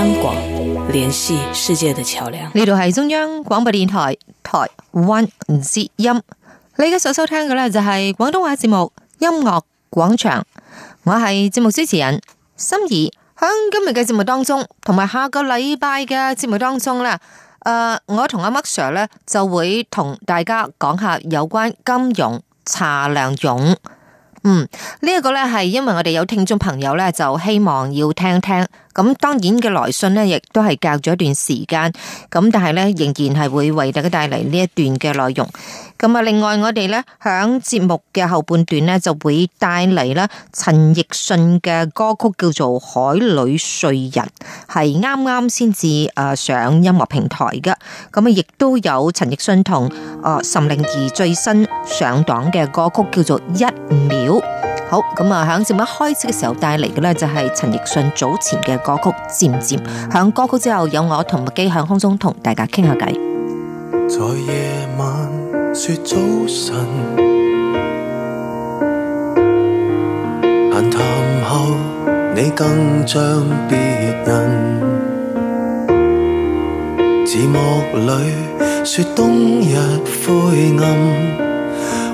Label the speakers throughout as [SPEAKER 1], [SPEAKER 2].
[SPEAKER 1] 香港聯繫
[SPEAKER 2] 世界的橋梁，呢度係中央廣播電台台灣之音，你而家所收聽嘅呢，就係廣東話節目《音樂廣場》，我係節目主持人心儀。響今日嘅節目當中，同埋下個禮拜嘅節目當中呢誒、呃，我同阿 Max Sir 就會同大家講下有關金庸查良鏞。嗯，這個、呢一個呢係因為我哋有聽眾朋友呢，就希望要聽聽。咁當然嘅來信呢也亦都係隔咗一段時間，咁但係仍然係會為大家帶嚟呢一段嘅內容。咁啊，另外我哋在節目嘅後半段呢就會帶嚟陳奕迅嘅歌曲叫做《海裏睡人》，係啱啱先至上音樂平台嘅。咁啊，亦都有陳奕迅同岑寧兒最新上檔嘅歌曲叫做《一秒》。好咁啊！喺節目開始嘅時候帶嚟嘅呢就係陳奕迅早前嘅歌曲《漸漸》。響歌曲之後有我同麥基響空中同大家傾下偈。
[SPEAKER 3] 在夜晚說早晨閒談後，你更像別人。字幕裏說冬日灰暗。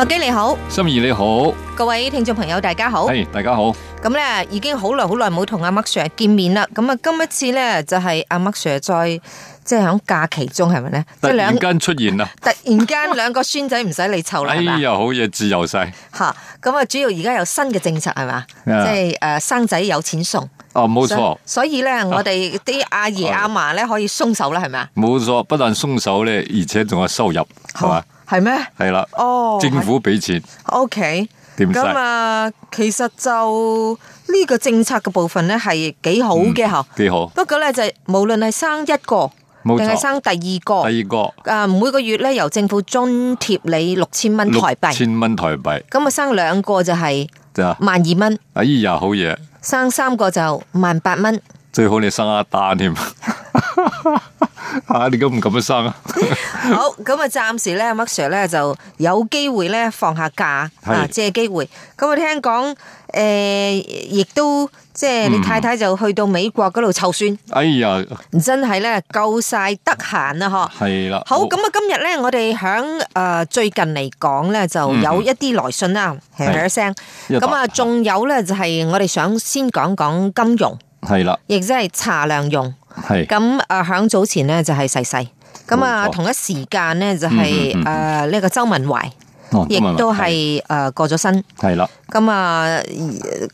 [SPEAKER 2] 阿基你好，
[SPEAKER 1] 心怡你好，
[SPEAKER 2] 各位聽眾朋友大家好，係、hey, 大家好。咁咧，已經好耐好耐冇同阿麥 Sir 見面啦，咁啊今一次咧就係阿麥 Sir 再，即係喺假期中係咪咧？突然
[SPEAKER 1] 間出現啦，
[SPEAKER 2] 突然間兩個孫仔唔使你湊啦， 哎呀
[SPEAKER 1] 好嘢，自由晒
[SPEAKER 2] 吓，咁啊主要而家有新嘅政策係嘛，yeah. 即係誒生仔有
[SPEAKER 1] 錢送哦冇、oh, 錯，
[SPEAKER 2] 所以咧我哋啲阿爺、oh. 阿嫲咧可以鬆手啦係咪，
[SPEAKER 1] 冇錯，不但鬆手咧，而且仲有收入係嘛。Oh. 係咩？係啦。哦，政府俾錢。
[SPEAKER 2] OK。咁啊，其實就呢個政策嘅部分咧，係幾好嘅吓。幾好。不過咧就無論係生一個，定係生第二個，第
[SPEAKER 1] 二個。
[SPEAKER 2] 啊，每個月咧由政府津貼你六千蚊台幣。千
[SPEAKER 1] 蚊台幣。
[SPEAKER 2] 咁啊，生兩個就係，萬二蚊。
[SPEAKER 1] 哎呀，好嘢。
[SPEAKER 2] 生三個就萬八蚊。
[SPEAKER 1] 最好你生一單添，吓你敢唔敢乜生啊？
[SPEAKER 2] 好，咁啊，暫時咧，麥 Sir 咧就有機會咧放下假啊，借機會。咁啊，我聽講誒，亦都即係你太太就去到美國嗰度湊孫。
[SPEAKER 1] 哎呀，
[SPEAKER 2] 真係咧，夠晒得閒啦，嗬。
[SPEAKER 1] 係啦。好，咁
[SPEAKER 2] 啊，今日咧，我哋響誒最近嚟講咧，就有一啲來信啦，一聲。咁啊，仲有咧就係我哋想先講講金融。係啦，亦即係查良鏞。係咁啊，響、呃、早前咧就係逝世。咁啊，同一時間咧就係誒呢個周文懷，
[SPEAKER 1] 亦、哦、都係
[SPEAKER 2] 誒、呃、過咗身。
[SPEAKER 1] 係啦，
[SPEAKER 2] 咁、嗯嗯、啊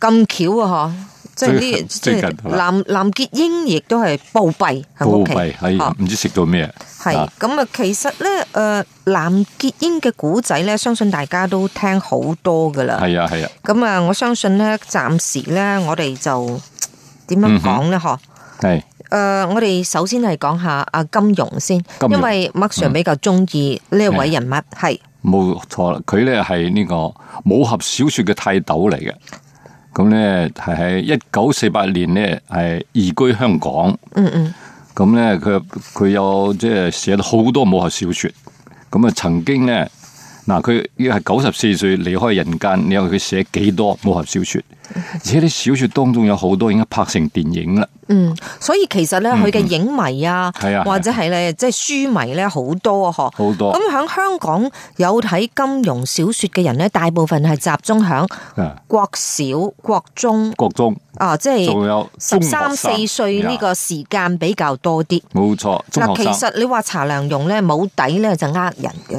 [SPEAKER 2] 咁巧啊嗬，即係呢最近藍藍潔瑛亦都係暴斃，係暴斃，
[SPEAKER 1] 係唔知食到咩？
[SPEAKER 2] 係咁啊，其實咧誒藍潔瑛嘅古仔咧，相信大家都聽好多噶啦。係啊，係啊。咁啊，我相信咧，暫時咧，我哋就。點樣講咧？
[SPEAKER 1] 嗬、嗯，係，
[SPEAKER 2] 誒、呃，我哋首先係講下阿金庸
[SPEAKER 1] 先金庸，因為
[SPEAKER 2] 麥 sir 比較中意呢位人物，
[SPEAKER 1] 係、嗯，冇錯啦，佢咧係呢個武俠小說嘅泰斗嚟嘅，咁咧係喺一九四八年咧係移居香港，嗯嗯，咁咧佢佢有即係寫咗好多武俠小說，咁啊曾經咧。嗱，佢要係九十四歲離開人間，你話佢寫幾多武俠小說？而且啲小說當中有好多已經拍成電影啦。嗯，
[SPEAKER 2] 所以其實咧，佢嘅影迷啊，嗯、或者係咧、嗯，即係書迷咧，好多嗬。好多。咁喺香港有睇金庸小說嘅人咧，大部分係集中喺
[SPEAKER 1] 國
[SPEAKER 2] 小、國中、國中啊，即係仲有十三四歲呢個時間比較多啲。
[SPEAKER 1] 冇錯。嗱，其實
[SPEAKER 2] 你話查良鏞咧冇底咧就呃人嘅。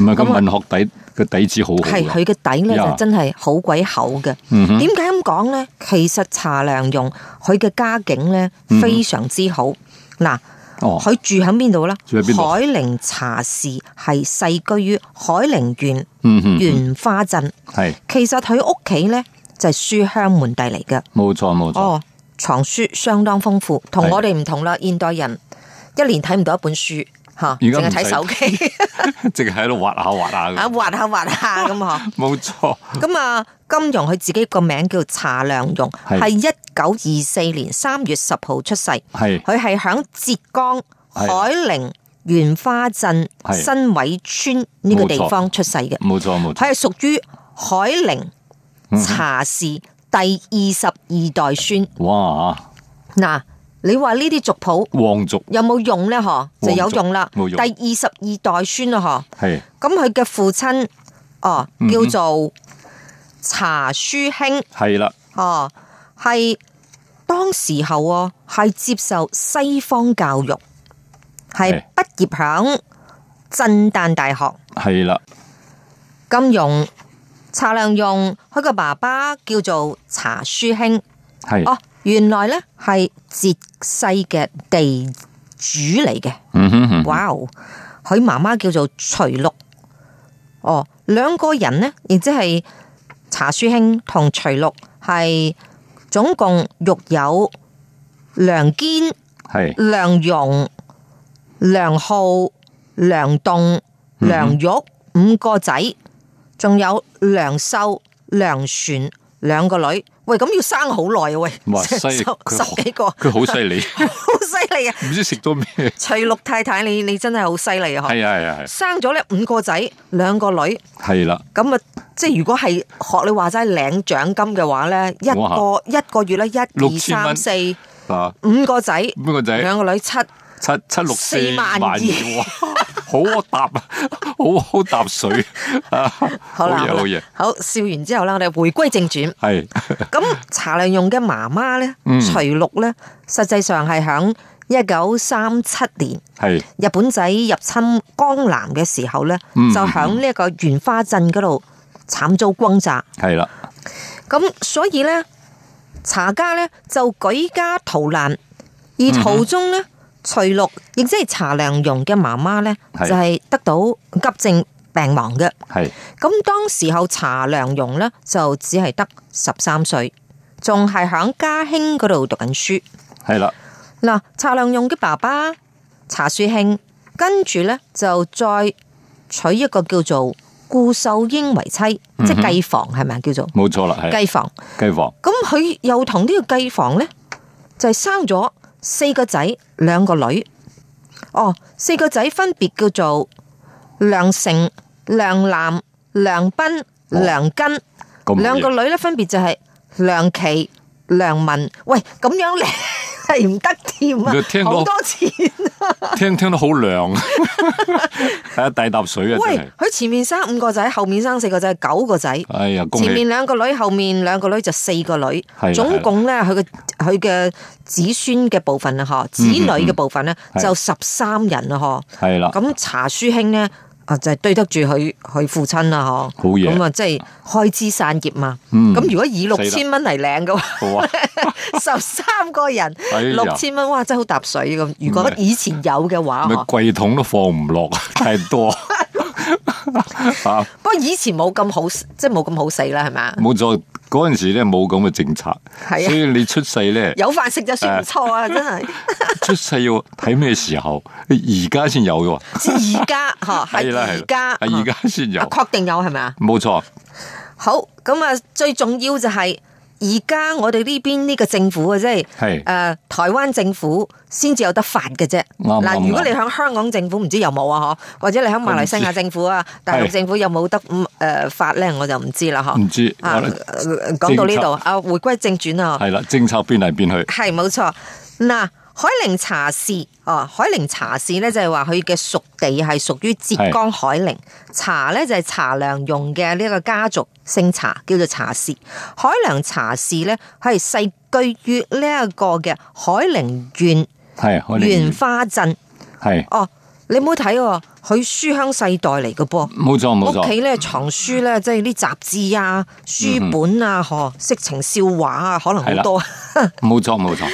[SPEAKER 2] 唔係佢文
[SPEAKER 1] 學底個、嗯、底子好好，係佢嘅底咧就真
[SPEAKER 2] 係好鬼厚嘅。點解咁講咧？其實查良鏞佢嘅家境咧非常之好。嗱、mm -hmm.，佢、哦、住喺邊度咧？住喺邊？海寧查氏係世居於海寧縣、mm -hmm. 袁花鎮。係，其實佢屋企咧就係書香門第嚟嘅。
[SPEAKER 1] 冇錯冇錯。
[SPEAKER 2] 哦，藏書相當豐富，我同我哋唔同啦。現代人一年睇唔到一本書。吓，淨係睇手機，
[SPEAKER 1] 淨係喺度滑下滑下。
[SPEAKER 2] 滑下滑下咁嗬。
[SPEAKER 1] 冇錯。
[SPEAKER 2] 咁啊，金庸佢自己個名叫查良鏞，係一九二四年三月十號出世。係，佢係響浙江海寧袁花鎮新偉村呢個地方出世嘅。冇錯，冇錯。佢係屬於海寧查氏第二十二代孫。 哇！嗱。你話呢啲族譜有冇用呢？嗬，就有用啦。第二十二代孫啦，嗬。係。咁佢嘅父親哦，叫做查書卿。係、嗯、啦。哦，係當時候係、啊、接受西方教育，係畢業響震旦大學。係啦。金庸，查良鏞，佢個爸爸叫做查書卿。係。哦。原來咧係浙西嘅地主嚟嘅，哇哦，佢媽媽叫做徐六，哦，兩個人呢，亦即係查書卿同徐六係總共育有梁堅係、梁容、梁浩、梁棟、梁玉五個仔，仲有梁秀、梁璇兩個女。喂，咁要生好耐喎，喂！十十幾個，佢好犀利，好犀利
[SPEAKER 1] 啊！唔知食咗咩？
[SPEAKER 2] 徐六太太，你你真係好犀利啊！係啊係啊係！生咗咧五個仔，兩個女，係啦。咁啊，即係如果係學你獎話齋領獎金嘅話咧，一個一個月咧一六三四
[SPEAKER 1] 啊五個仔，五個仔，兩個女，七七七六四萬二。 好，好搭，好好搭水。好 啦、啊，好嘢，好，好，好，
[SPEAKER 2] 好笑完之後咧，我哋回歸正傳。係咁，查良鏞嘅媽媽咧，徐祿咧，實際上係響一九三七年，係日本仔入侵江南嘅時候咧、嗯嗯，就響呢一個袁花鎮嗰度慘遭轟炸。係啦，咁所以咧，查家咧就舉家逃難，而途中咧。嗯徐祿亦即係查良鏞嘅媽媽咧，就係、是、得到急症病亡嘅。係咁當時候查良鏞咧就只係得十三歲，仲係響嘉興嗰度讀緊書。係啦，嗱，查良鏞嘅爸爸查樞卿，跟住咧就再娶一個叫做顧秀英為妻，即係繼房係咪？叫做
[SPEAKER 1] 冇錯啦，繼房繼房。
[SPEAKER 2] 咁佢又同呢個繼房咧，就係、是、生咗。四個仔兩個女，哦，四個仔分別叫做梁成、梁南、梁斌、
[SPEAKER 1] 梁根，兩、哦、個
[SPEAKER 2] 女咧分別就係梁琪、梁文，喂，咁樣咧。 係唔得掂啊！好多錢、啊聽，
[SPEAKER 1] 聽聽得好涼，睇 下 大沓水啊！喂，
[SPEAKER 2] 佢前面生五個仔，後面生四個仔，九個仔。
[SPEAKER 1] 哎呀，前面
[SPEAKER 2] 兩個女，後面兩個女就四個女，的總共咧佢嘅佢嘅子孫嘅部分啊，嗬、嗯嗯，子女嘅部分咧就十三人啊，嗬。係啦，咁查書兄咧。就係、是、對得住佢佢父親啦，嗬。好嘢，咁啊，即係開枝散葉嘛。咁、嗯、如果以六千蚊嚟領嘅話，十三、啊、 個人六千蚊，哇，真係好踏水咁。如果以前有嘅話，
[SPEAKER 1] 櫃桶都放唔落， 太多。
[SPEAKER 2] 不過以前冇咁好，即係冇咁好死啦，係咪？
[SPEAKER 1] 冇再。嗰陣時咧冇咁嘅政策，係啊，所以你出世咧有飯食就算唔錯
[SPEAKER 2] 啊！ 真係的
[SPEAKER 1] 出世要睇咩時候，而家先有嘅喎。
[SPEAKER 2] 而家吓係而家係
[SPEAKER 1] 而家先有，確定有係咪啊？冇錯。
[SPEAKER 2] 好，咁啊，最重要就係。而家我哋呢邊呢個政府啊，即係誒台灣政府先至有得發嘅啫。嗱、呃，如果你響香港政府，唔知有冇啊？嗬，或者你響馬來西亞政府啊、大陸政府有冇得誒發咧，我就唔知啦。嗬，唔知講到呢度啊，回歸正傳啊。
[SPEAKER 1] 係啦，政策變嚟變去。
[SPEAKER 2] 係冇錯。嗱。呃海寧查氏哦、啊，海寧查氏咧就係話佢嘅屬地係屬於浙江海寧，查咧就係、是、查良鏞嘅呢個家族姓查，叫做查氏。海寧查氏咧係世居於呢一個嘅海寧縣袁花鎮，係、啊、哦，你唔好睇。佢書香世代嚟嘅噃，冇錯冇錯。屋企咧藏書咧，即係啲雜誌啊、書本啊，嗬、嗯，色情笑話啊，可能好多。
[SPEAKER 1] 冇錯冇錯。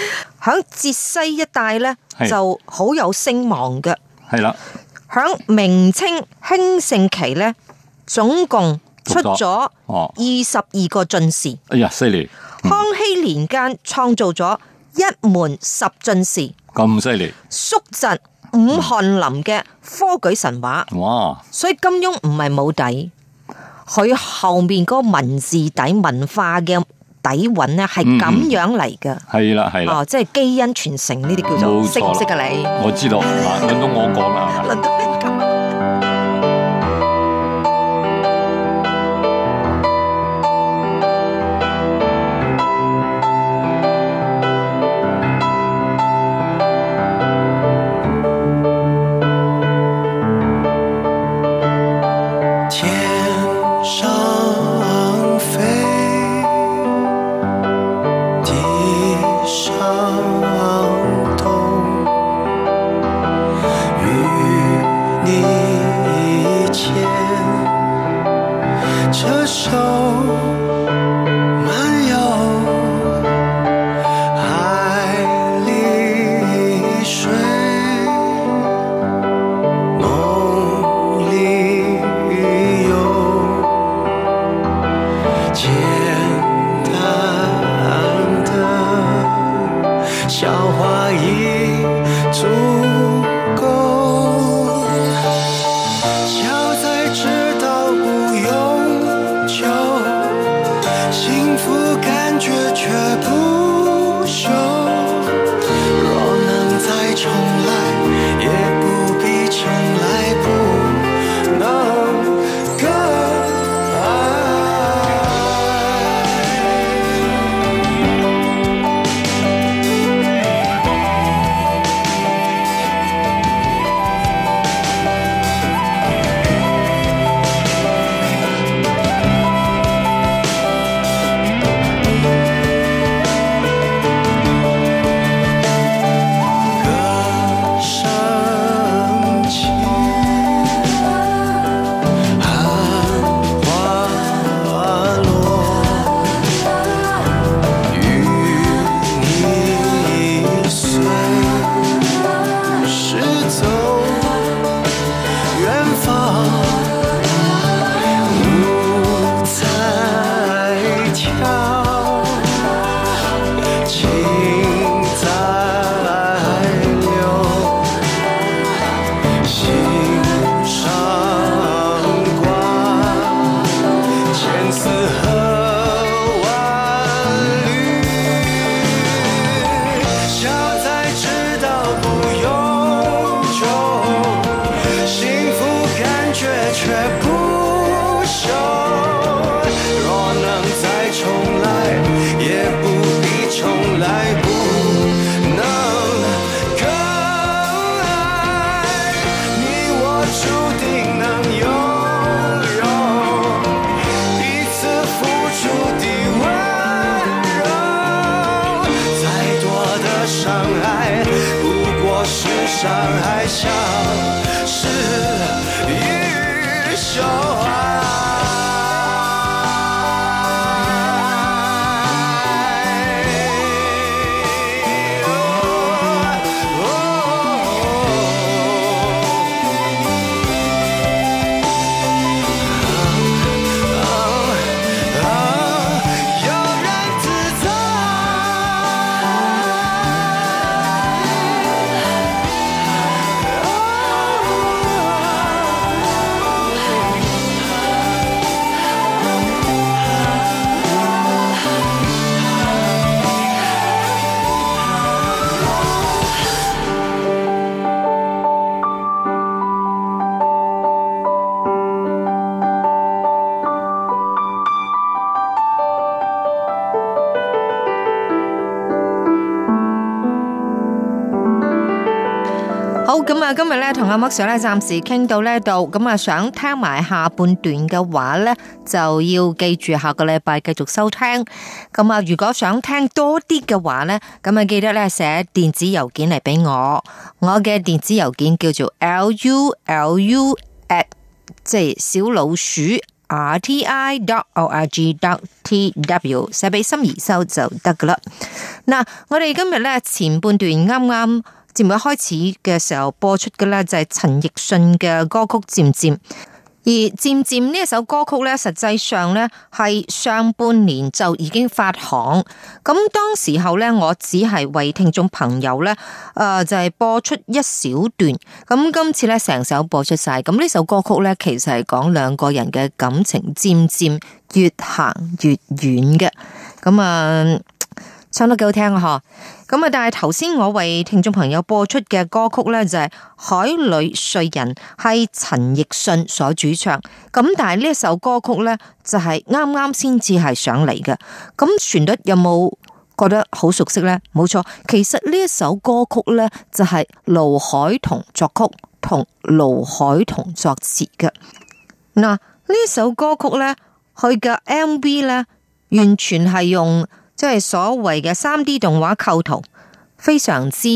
[SPEAKER 2] 響 浙西一帶咧，就好有聲望嘅。係啦。響明清興盛期咧，總共出咗二十二個進士、嗯。哎呀，犀利、嗯！康熙年間創造咗一門十進士，咁犀利。叔侄。武翰林嘅科舉神話哇，所以金庸唔係冇底，佢後面嗰個文字底文化嘅底蘊咧係咁樣嚟嘅，
[SPEAKER 1] 係啦係啦，哦
[SPEAKER 2] 即係基因傳承呢啲叫做識唔識啊你？
[SPEAKER 1] 我知道，輪到我講啦。
[SPEAKER 2] 今日咧同阿 Mark Sir 咧暫時傾到呢度，咁啊想聽埋下半段嘅話咧，就要記住下個禮拜繼續收聽。咁啊，如果想聽多啲嘅話咧，咁啊記得咧寫電子郵件嚟俾我，我嘅電子郵件叫做 lulu at 即係小老鼠 rti dot org dot tw 寫俾心儀收就得噶啦。嗱，我哋今日咧前半段啱啱。節目開始嘅時候播出嘅呢，就係陳奕迅嘅歌曲《漸漸》，而《漸漸》呢首歌曲呢，實際上呢，係上半年就已經發行，咁當時候呢，我只係為聽眾朋友呢，誒就係播出一小段，咁今次呢，成首播出晒，咁呢首歌曲呢，其實係講兩個人嘅感情漸漸越行越遠嘅，咁啊。唱得幾好聽啊！咁啊，但係頭先我為聽眾朋友播出嘅歌曲呢，就係、是《海裏睡人》，係陳奕迅所主唱。咁但係呢一首歌曲呢，就係啱啱先至係上嚟嘅。咁旋律有冇覺得好熟悉呢？冇錯，其實呢一首歌曲呢，就係盧海彤作曲同盧海彤作詞嘅。嗱、啊，呢首歌曲呢，佢嘅 M V 呢，完全係用。即係所謂嘅三 D 動畫構圖，非常之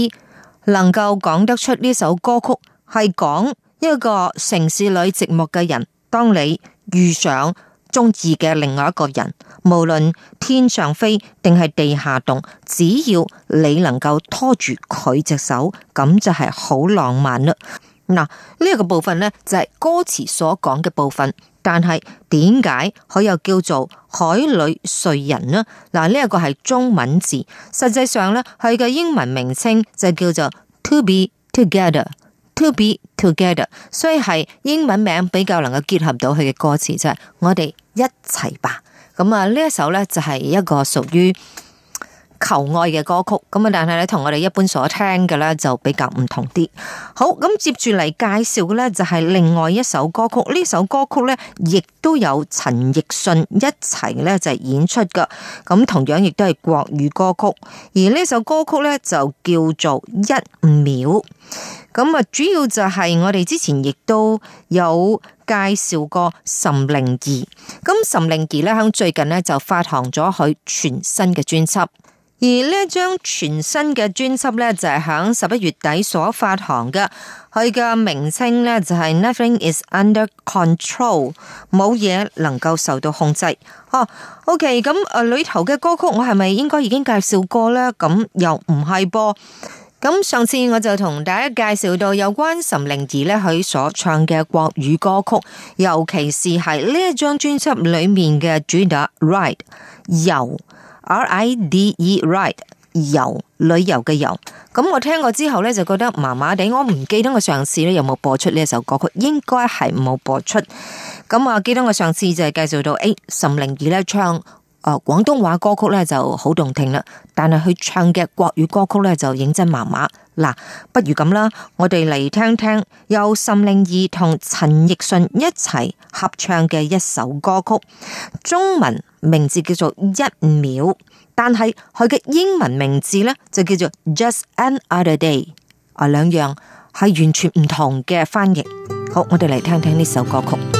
[SPEAKER 2] 能夠講得出呢首歌曲係講一個城市裏寂寞嘅人，當你遇上中意嘅另外一個人，無論天上飛定係地下動，只要你能夠拖住佢隻手，咁就係好浪漫啦。嗱，呢一個部分呢，就係歌詞所講嘅部分。但係點解佢又叫做海裡睡人呢？嗱，呢一個係中文字，實際上咧，佢嘅英文名稱就叫做 To be together，To be together，所以係英文名比較能夠結合到佢嘅歌詞，就係我哋一齊吧。咁啊，呢一首咧就係一個屬於。求愛嘅歌曲咁啊，但係咧同我哋一般所聽嘅咧就比較唔同啲。好咁，接住嚟介紹嘅咧就係另外一首歌曲。呢首歌曲咧亦都有陳奕迅一齊咧就演出噶。咁同樣亦都係國語歌曲。而呢首歌曲咧就叫做一秒。咁啊，主要就係我哋之前亦都有介紹過岑寧兒。咁岑寧兒咧喺最近咧就發行咗佢全新嘅專輯。而呢張全新嘅專輯呢，就係響十一月底所發行嘅。佢嘅名稱呢、就是，就係 Nothing Is Under Control，冇嘢能夠受到控制。哦、啊、，OK，咁誒裏頭嘅歌曲，我係咪應該已經介紹過呢？咁又唔係噃。咁上次我就同大家介紹到有關岑寧兒呢，佢所唱嘅國語歌曲，尤其是喺呢一張專輯裏面嘅主打《Right》由。R I D E ride 遊，旅遊嘅遊。咁我聽過之後咧就覺得麻麻地，我唔記得我上次咧有冇播出呢一首歌曲，應該係冇播出。咁我記得我上次就係介紹到 A 岑寧兒咧唱。哦、呃，廣東話歌曲咧就好動聽啦，但係佢唱嘅國語歌曲咧就認真麻麻。嗱、啊，不如咁啦，我哋嚟聽聽由岑寧兒同陳奕迅一齊合唱嘅一首歌曲，中文名字叫做《一秒》，但係佢嘅英文名字咧就叫做 Just Another Day。啊，兩樣係完全唔同嘅翻譯。好，我哋嚟聽聽呢首歌曲。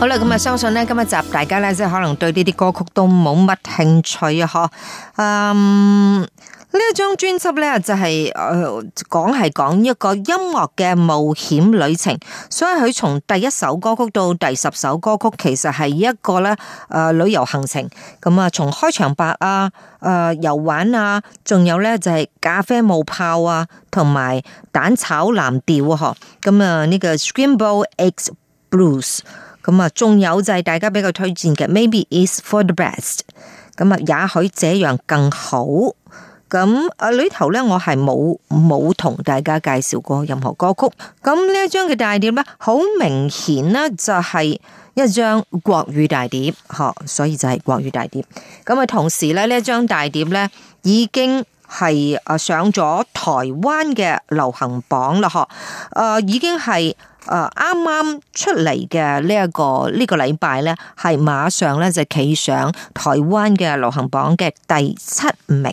[SPEAKER 2] 好啦，咁啊，相信咧，今日集大家咧，即係可能對呢啲歌曲都冇乜興趣啊。嗬，嗯，呢一張專輯咧就係講係講一個音樂嘅冒險旅程，所以佢從第一首歌曲到第十首歌曲，其實係一個咧誒旅遊行程。咁啊，從開場白啊，誒遊玩啊，仲有咧就係咖啡冒泡啊，同埋蛋炒藍調嗬。咁啊，呢個《Scrambled Eggs Blues》。咁啊，仲有就係大家比較推薦嘅，Maybe it's for the best。咁啊，也許這樣更好。咁啊，裏頭咧，我係冇冇同大家介紹過任何歌曲。咁呢一張嘅大碟咧，好明顯咧就係一張國語大碟，嗬，所以就係國語大碟。咁啊，同時咧呢一張大碟咧，已經係啊上咗台灣嘅流行榜啦，嗬，啊已經係。誒、呃，剛剛出來的這一個呢、這個禮拜呢是馬上呢就企上台灣的流行榜的第七名。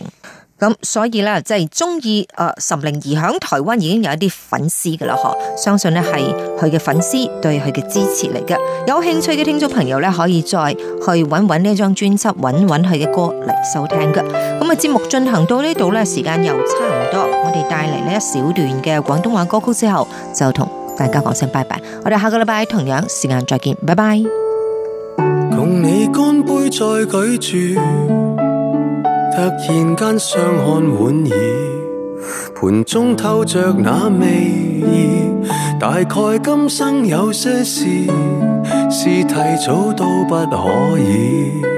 [SPEAKER 2] 咁所以呢就是中意誒。岑寧兒響台灣已經有一些粉絲的了嗬。相信咧係佢嘅粉絲對他的支持嚟嘅。有興趣的聽眾朋友咧，可以再去找找這張專輯，找找他的歌來收聽嘅。咁啊，節目進行到這裏咧，時間又差不多，我們帶來呢一小段的廣東話歌曲之後，就同。大家講聲拜拜，我哋下個禮拜同樣時間再見，拜拜。
[SPEAKER 3] 共你乾杯再舉箸，突然間相看莞爾，盤中透著那味兒，大概今生有些事，是提早都不可以。